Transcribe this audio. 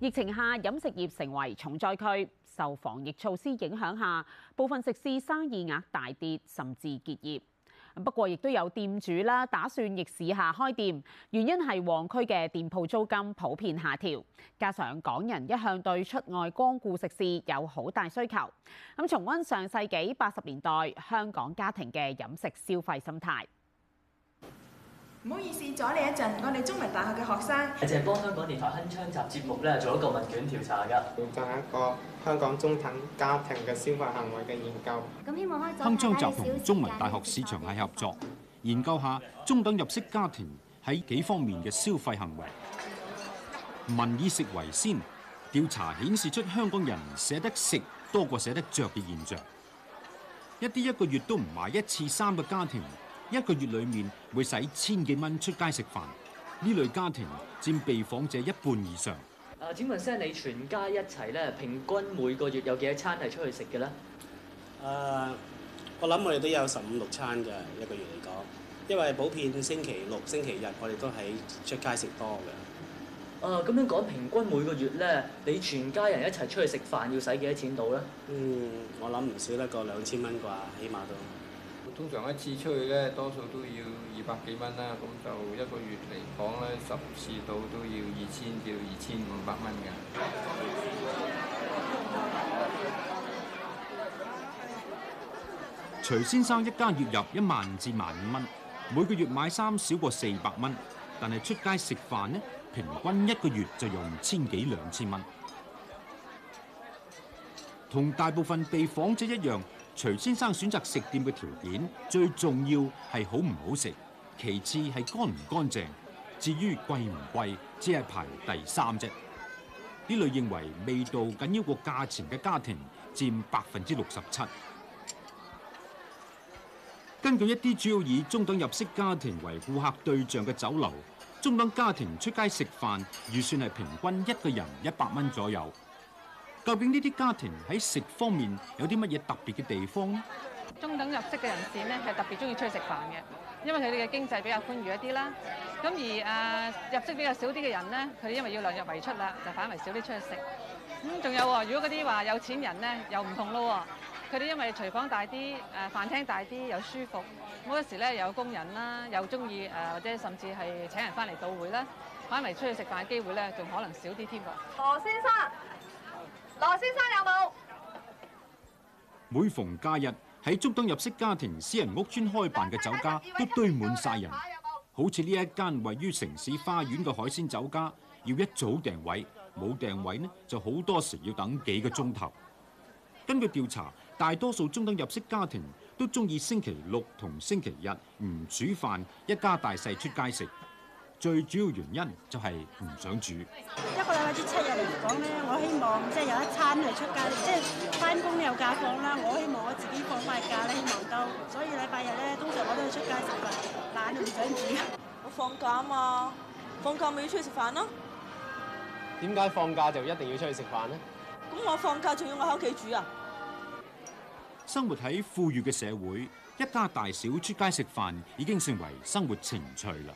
疫情下，飲食業成為重災區。受防疫措施影響下，部分食肆生意額大跌，甚至結業。不過，亦都有店主啦，打算逆市下開店，原因係旺區嘅店鋪租金普遍下調，加上港人一向對出外光顧食肆有好大需求。咁重溫上世紀八十年代香港家庭嘅飲食消費心態。唔好意思，阻你一陣。我哋中文大學嘅學生，係正幫香港電台《鏗鏘集》節目咧做一個問卷調查㗎。進行一個香港中等家庭嘅消費行為嘅研究。咁希望開《鏗鏘集》同中文大學市場系合作研究下中等入息家庭喺幾方面嘅消費行為。民以食為先，調查顯示出香港人捨得食多過捨得着嘅現象。一啲一個月都唔買一次衫嘅家庭。一個月裏面會使千幾蚊出街食飯，呢類家庭佔被訪者一半以上。啊，請問聲你全家一齊咧，平均每個月有幾多餐係出去食嘅咧？啊，uh, 我諗我哋都有十五六餐㗎，一個月嚟講，因為普遍星期六、星期日我哋都喺出街食多嘅。啊，咁樣講，平均每個月咧，你全家人一齊出去食飯要使幾多錢到咧？嗯，um, 我諗唔少得過兩千蚊啩，起碼都。通常一次出去咧，多數都要二百幾蚊啦，咁就一個月嚟講咧，十次到都要二千至二千五百蚊嘅。徐先生一家月入一萬至萬五蚊，每個月買衫少過四百蚊，但係出街食飯咧，平均一個月就用千幾兩千蚊。同大部分被訪者一樣。徐先生選擇食店嘅條件最重要係好唔好食，其次係乾唔乾淨，至於貴唔貴，只係排第三啫。呢類認為味道緊要過價錢嘅家庭佔百分之六十七。根據一啲主要以中等入息家庭為顧客對象嘅酒樓，中等家庭出街食飯預算係平均一個人一百蚊左右。究竟呢啲家庭喺食方面有啲乜嘢特別嘅地方？中等入職嘅人士咧，係特別中意出去食飯嘅，因為佢哋嘅經濟比較寬裕一啲啦。咁而誒、啊、入職比較少啲嘅人咧，佢哋因為要量入為出啦，就反為少啲出去食。咁、嗯、仲有喎，如果嗰啲話有錢人咧，又唔同咯。佢哋因為廚房大啲，誒飯廳大啲又舒服，好多時咧有工人啦，又中意誒或者甚至係請人翻嚟到會啦，反為出去食飯嘅機會咧，仲可能少啲添噃。何先生。羅先生有冇？每逢假日喺中等入息家庭私人屋邨開辦嘅酒家都堆滿晒人，好似呢一間位於城市花園嘅海鮮酒家，要一早訂位，冇訂位呢就好多時要等幾個鐘頭。根據調查，大多數中等入息家庭都鍾意星期六同星期日唔煮飯，一家大細出街食。最主要原因就係唔想煮一個禮拜只七日嚟講咧，我希望即係有一餐係出街，即係翻工有假放啦。我希望我自己放返假，我希望都所以禮拜日咧，通常我都去出街食飯，懶唔想煮。我放假啊嘛，放假咪要出去食飯咯、啊。點解放假就一定要出去食飯咧、啊？咁我放假仲要我喺屋企煮啊？生活喺富裕嘅社會，一家大小出街食飯已經成為生活情趣啦。